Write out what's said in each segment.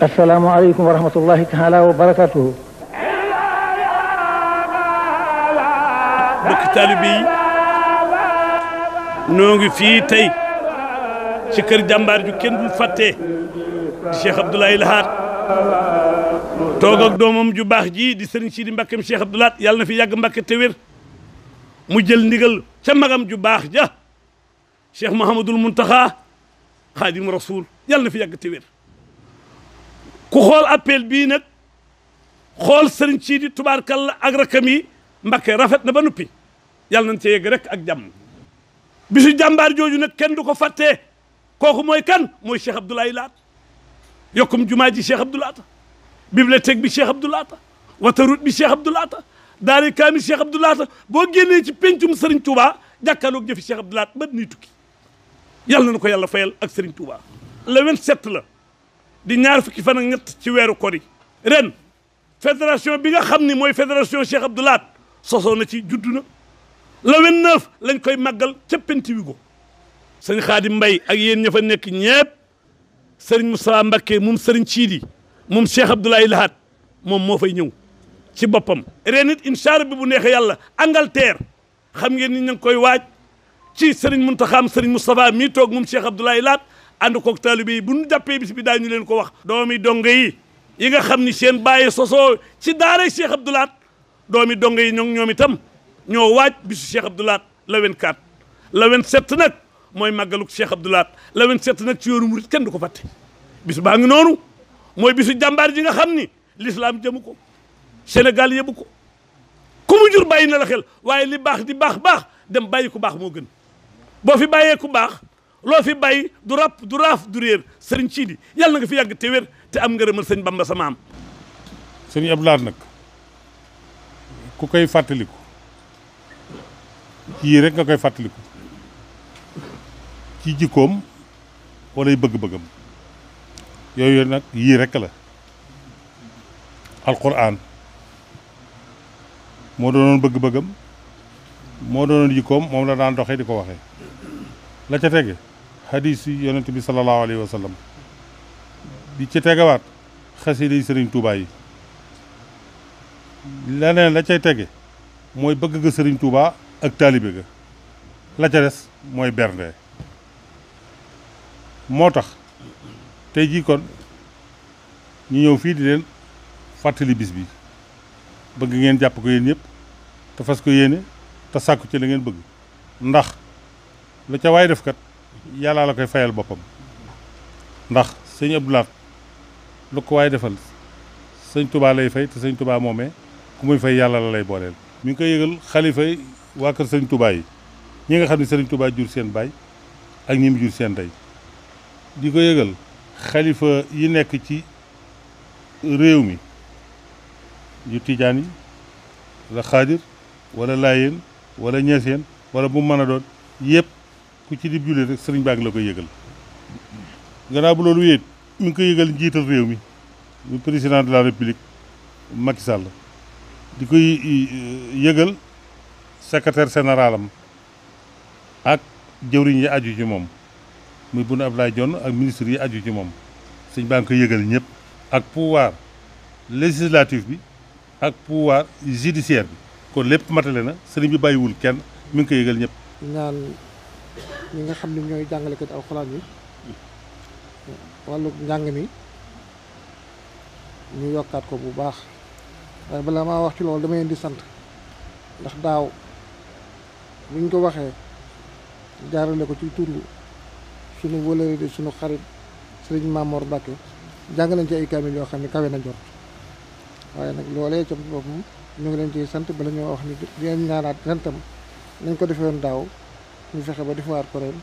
assalaamu aleykum wa rahmatullahi taala wa barakatuhu mbokk taalibe yi noo ngi fii tey ci kër jàmbaar ju kenn dul fàttee di Cheikh Abdoulaye Lahat toog ak doomam ju baax ji di sëriñ Sidi Mbakkeem Cheikh Abdou Lahat yàlla na fi yàgg Mbakke te wér mu jël ndigal ca magam ju baax ja Cheikh Mouhamadul Muntaxa Xaadim Rasul yàlla na fi yàgg te wér ku xool appel bii nag xool sëriñ sii di tubaarkalla ak rakam yi mbakke rafet na ba noppi yàlla nañ ci yegg rek ak jàmm bisu jàmbaar jooju nag kenn du ko fàttee kooku mooy kan mooy Cheikh Abdoulaye Laat yokkum jumaa ji Cheikh Abdoulaye Laat bibliothèque bi Cheikh Abdoulaye Laat wataroute bi Cheikh Abdoulaye Laat daari kaami Cheikh Abdoulaye Laat boo génnee ci pencum Serigne Touba jàkkaarloog jëfi Cheikh Abdoulaye Laat ba nii tukki yàlla na ko yàlla fayal ak Serigne Touba le 27 la di ñaar fukki fan ak ñett ci weeru kori ren fédération bi nga xam ni mooy fédération Cheikh Abdou Lahad na ci juddu na le 29 lañ koy màggal ca Pentiwigo sëñ Xaadim Mbay ak yéen ña fa nekk ñëpp sëriñ Moussa Mbakke moom sëriñ Ciidi moom Cheikh Abdou Lahad moom moo fay ñëw ci boppam. ren it incha allah bi bu neexee yàlla Angleterre xam ngeen ni ñu ngi koy waaj ci sëriñ Muntaxaam sëriñ Moustapha mii toog moom Cheikh Abdou Lahad. ànd koog taalibe yi bu ñu jàppee bis bi daañu leen ko wax doomi donga yi yi nga xam ni seen bàyyi sosoo ci daara Cheikh Abdou Lahad doomi donga yi ñoom ñoom itam ñoo waaj bisu Cheikh Abdou Lahad la 24 la 27 nag mooy màggaluk Cheikh Abdou Lahad la nag ci yoonu murit kenn du ko fàtte bis baa ngi noonu mooy bisu jàmbaar ji nga xam ni lislaam jëmu ko Sénégal yëbu ko ku mu jur bàyyi na la xel waaye li baax di baax baax dem bàyyi ku baax moo gën boo fi bàyyee ku baax loo fi bàyyi du rap du raaf du réer sëriñ Sidi yàlla na nga fi yàgg te wér te am ngërëmal sëñ Bamba sa maam. sëriñ Abdou Lahad nag ku koy fàttaliku yii rek nga koy fàttaliku ci jikkoom wala bëgg-bëggam yooyu nag yii rek la alquran moo doon bëgg-bëggam moo doon jikkoom moom la daan doxee di ko waxee la ca tege hadis yonent bi sallallahu alayhi wa sallam di ci tegawaat xasida yi sëriñ Touba yi leneen la cay tege mooy bëgg nga sëriñ Touba ak taalibe ga la ca des mooy bernde moo tax tey jii kon ñu ñëw fii di leen fàttali bis bi bëgg ngeen jàpp ko yéen ñëpp te fas ko yéene te sàkku ci la ngeen bëgg ndax la ca waay defkat yàllaa la koy fayal boppam ndax sëñ Abdou lu ko waay defal sëñ Touba lay fay te sëñ Touba moomee ku muy fay yàlla la lay booleel. mi ngi koy yëgal xalifa yi waa kër sëñ Touba yi ñi nga xam ne sëriñ Touba jur seen baay ak ñi mu jur seen day di ko yëgal xalifa yi nekk ci réew mi yu tijaan yi wala xaadir wala laayeen wala ñeeseen wala bu mu mën a doon yépp ku ci di jullit rek sëriñ baa ngi la koy yëgal gannaaw bu loolu wéet mi ngi koy yëgal njiital réew mi mu président de la république Macky Sall di koy yëgal secrétaire général am ak jëwriñ yi aju ci moom muy bu Boun Abdallah jonn ak ministre yi aju ci moom sëñ baa ngi koy yëgal ñëpp ak pouvoir législatif bi ak pouvoir judiciaire bi kon lépp matale na sëriñ bi bàyyiwul kenn mi ngi koy yëgal ñëpp ñi nga xam ne ñooy jàngalekat alxuraan yi wàllu njàng mi ñu yokkaat ko bu baax waaye bala maa wax ci loolu dama leen di sant ndax daaw buñ ko waxee jaarale ko ci tund suñu wëlëre di suñu xarit sëriñ Mamor Mbacke jàng nañ ci ay kaamil yoo xam ne kawe na jot waaye nag loolee ca boppam ñu ngi leen ciy sant bala ñoo wax ni dinañ ñaanaat ren nañ ko defee woon daaw ñu fexe ba defuwaat ko ren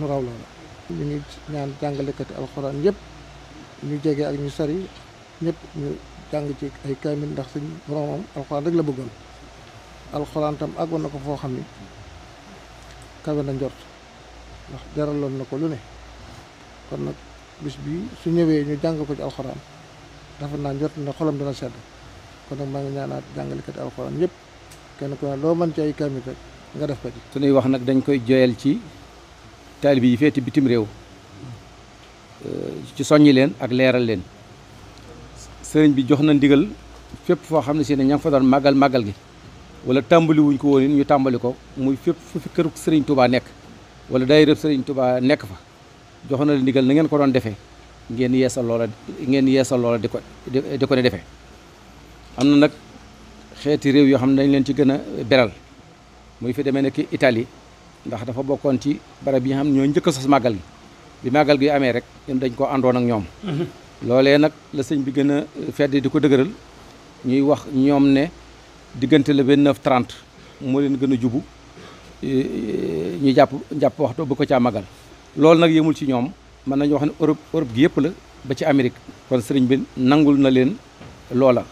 nu raw loola ñu ngi ñaan jàngalekati alxuraan yëpp ñu jege ak ñu sari ñëpp ñu jàng ci ay kaamil ndax suñ boromam alxuraan rek la bëggoon alxuraan tam àggoon na ko foo xam ni kawe na njort ndax jaraloon na ko lu ne kon nag bis bii su ñëwee ñu jàng ko ci alxuraan dafa naa njort ne xolam dana sedd kon nag maa ngi ñaanaat jàngalekati alxuraan yëpp kenn ku ne loo mën ci ay kaamil rek nga def ko ci. suñuy wax nag dañ koy joyal ci taalibe yi féete bitim réew ci soññi leen ak leeral leen sëriñ bi jox na ndigal fépp foo xam ne si ne ña fa doon màggal màggal gi wala tàmbaliwuñ wuñ ko woon ñu tàmbali ko muy fépp fu fi këru sëriñ Touba nekk wala daayira sëriñ Touba nekk fa jox na la ndigal na ngeen ko doon defee ngeen yeesal loola ngeen yeesal loola di ko di ko ne defee am na nag xeeti réew yoo xam ne dañ leen ci gën a beral muy fi demee nekk Italie ndax dafa bokkoon ci barab yi nga xam ñoo njëkk a sos màggal gi bi màggal gi amee rek ñun dañ ko àndoon ak ñoom mm-hmm. loolee nag la sëñ bi gën a fedd di ko dëgëral ñuy wax ñoom ne diggante le 29 30 moo leen gën a jubu e, e, ñu jàpp jàpp waxtu bu ko caa màggal loolu nag yëmul ci ñoom mën nañu wax ne Europe Europe gi yëpp la ba ci Amérique kon sëriñ bi nangul na leen loola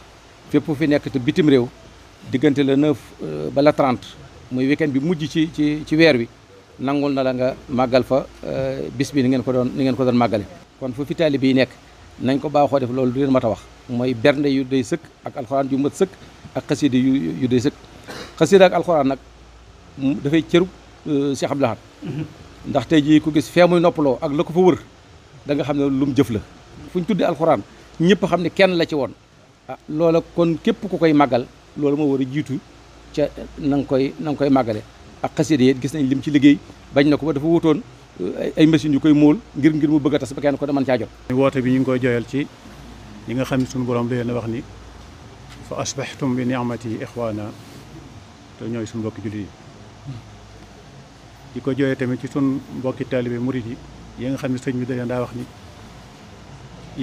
fépp fi nekk te bitim réew diggante le 9 euh, ba la 30 muy wekken bi mujj ci ci ci weer wi nangul na la nga màggal fa euh, bis bi ni ngeen ko doon ni ngeen ko doon màggale kon fu fi taalibe yi nekk nañ ko baaxoo def loolu du leen mat a wax mooy bernde yu day sëkk ak alxuraan yu mat sëkk ak xasida yu yu day sëkk xasida ak alxuraan nag dafay cëru euh, Cheikh Abdou Lahad mhm. ndaxte tey jii ku gis fee muy noppaloo ak la ko fa wër danga xam ne lu mu jëf la fu ñu tuddee alxuraan ñëpp xam ne kenn la ci woon ah loola kon képp ku koy màggal loolu moo war a jiitu ca na nga koy na koy màggale ak xasida yi gis nañ lim ci liggéey bañ na ko ba dafa wutoon ay machines yu koy muul ngir ngir mu bëgg a tas ba kenn ko deman caa jot woote bi ñu ngi koy joyal ci ñi nga xam ne suñu borom da na wax ni fa asbaxtum bi niamati ixwaana te ñooy suñu mbokki jullit yi di ko jooyee tamit ci suñu mbokki taalibe murit yi yi nga xam ne sëñ bi da daa wax ni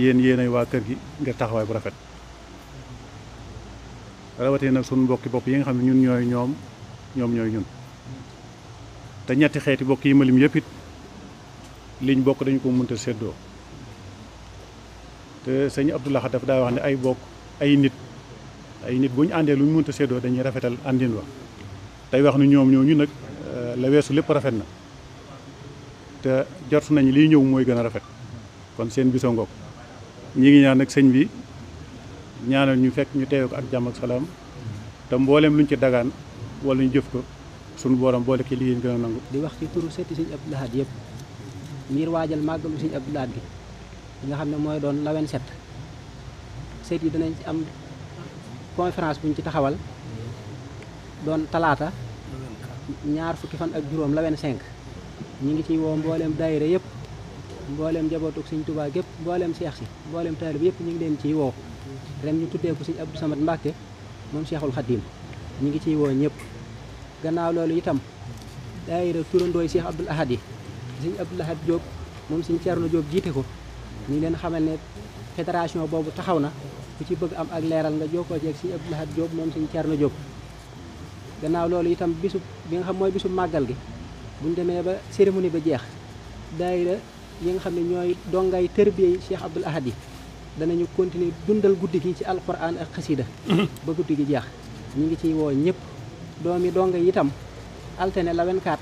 yéen yéen waa kër gi ngir taxawaay bu rafet rawatina nag suñu mbokki bopp yi nga xam ne ñun ñooy ñoom ñoom ñooy ñun te ñetti xeeti bokk yi ma lim yëpp it liñ bokk dañu ko mënta séddoo te sëñ Abdou Lahad dafa daa wax ne ay bokk ay nit ay nit bu ñu àndee lu ñu mënta séddoo dañuy rafetal àndin wa tey wax ne ñoom ñoo ñu nag euh, la weesu lépp rafet na te jot nañ liy ñëw mooy gën a rafet kon seen biso ngoog ñi ngi ñaan nag sëñ bi ñaanal ñu fekk ñu teewe ko ak jàmm ak salaam te mbooleem luñ ci dagaan wala ñu jëf ko suñu borom boole ki liggéey ñu gën nangu di wax ci turu setti sëñ Abdou Lahad yëpp ngir waajal màggalu sëñ Abdou Lahad bi li nga xam ne mooy doon lawen set set yi dinañ ci am conférence buñ ci taxawal doon talaata ñaar fukki fan ak juróom lawen cinq ñi ngi ciy woo mbooleem daayira yëpp mbooleem njabootuk sëñ Tuubaa gépp mbooleem seex si mbooleem taalib yëpp ñu ngi leen ciy woo ren ñu tuddee ko sëñ Abdou Samad Mbacke moom Cheikhul Khadim ñu ngi ciy woo ñëpp gannaaw loolu itam daayira turandooy Cheikh Abdoul Ahad yi sëñ Abdoul Ahad Diop moom sëñ Thierno Diop jiite ko ñu ngi xamal ne fédération boobu taxaw na ku ci bëgg am ak leeral nga jokkoo ci ak sëñ Abdoul Ahad Diop moom sëñ Thierno Diop gannaaw loolu itam bisu bi nga xam mooy bisu màggal gi buñ demee ba cérémonie ba jeex daayira yi nga xam ne ñooy dongay tërbiye Cheikh Abdoul Ahad yi danañu continuer dundal guddi gi ci alquran ak xasida mm-hmm. ba guddi gi jeex ñu ngi ciy woo ñëpp yi donga itam altine la 24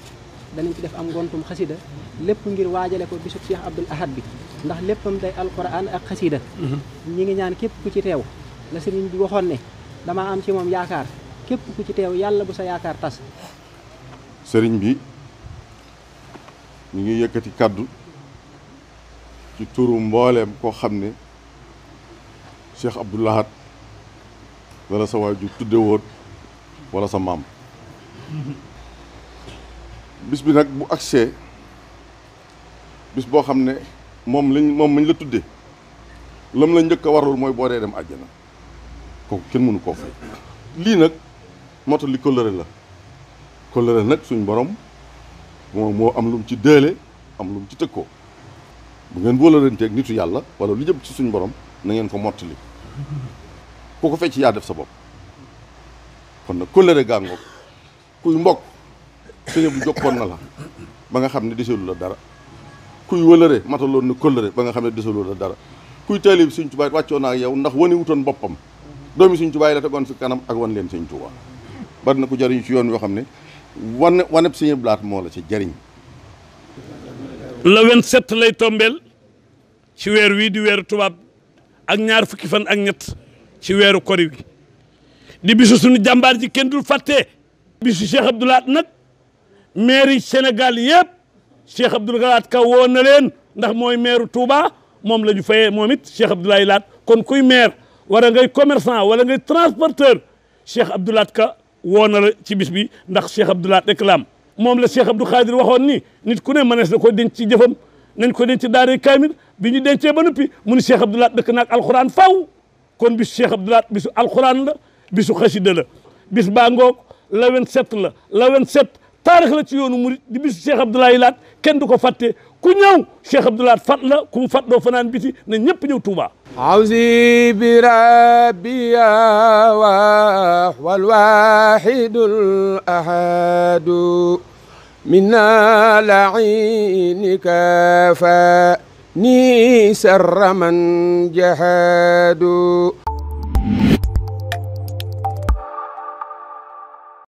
danañ ci def am ngontum xasida lépp ngir waajale ko bisub Cheikh Abdoul Ahad bi ndax léppam day alquran ak xasida mm-hmm. ñi ngi ñaan képp ku ci teew la sëriñ bi waxoon ne damaa am ci moom yaakaar képp ku ci teew yàlla bu sa yaakaar tas sëriñ bi ñu ngi yëkkati kàddu ci turu mbooleem koo xam ne Cheikh Abdoul Ahad la sa waajur tudde woon wala sa maam bis bi nag bu agsee bis boo xam ne moom lañ moom mañ la tudde lam la njëkk a warul mooy boo dee dem àjjana kooku kenn mënu koo fay lii nag moo tax li kóllëre la kóllëre nag suñu borom moom moo am lu ci dëele am lu mu ci ko bu ngeen wóolalanteeg nitu yàlla wala lu jëpp ci suñu borom na ngeen ko mottali ku ko fecc yaa def sa bopp kon nag kóllëre gàngoog kuy mbokk sëñ bu jokkoon na la ba nga xam ne desalu la dara kuy wëlëre mataloon na kóllëre ba nga xam ne desalu la dara kuy taalib Sëñ Tuubaa wàccoo naa ak yow ndax wane wutoon boppam doomi Sëñ Tuubaa la tegoon fi kanam ak wan leen Sëñ Tuubaa bari na ko jëriñ ci yoon yoo xam ne wane waneb Sëñ Blaat moo la ci jëriñ le 27 lay tombeel ci weer wii di weeru tubaab ak ñaar fukki fan ak ñett ci weeru kori wi di bisu sunu jàmbaar ji kenn dul fàttee bisu Cheikh Abdoul Ahad nag mairie Sénégal yëpp Cheikh Abdoul Ahad Ka woo na leen ndax mooy maire Touba moom la ñu fayee moom it Cheikh Abdoul Ahad kon kuy maire wala ngay commerçant wala ngay transporteur Cheikh Abdoul Ahad Ka woo na la ci bis bi ndax Cheikh Abdoul Ahad réclame moom la Cheikh Abdou Khadir waxoon ni nit ku ne mënees na ko denc ci jëfam nañ ko denc daare kaamil bi ñu dencee ba noppi mu ni Cheikh Abdou Lahad dëkk naag alxuraan faaw kon bisu Cheikh Abdou Lahad bisu alxuraan la bisu xasida la bis baa ngoog la 27 la la set taarix la ci yoonu murit di bisu Cheikh Abdou Lahad kenn du ko fatte ku ñëw Cheikh Abdou Lahad fat la ku mu fat doo fanaan biti na ñëpp ñëw Touba awsi bi rabbiya wa wal wahidul ahadu منا لعينك فني سر من جهاد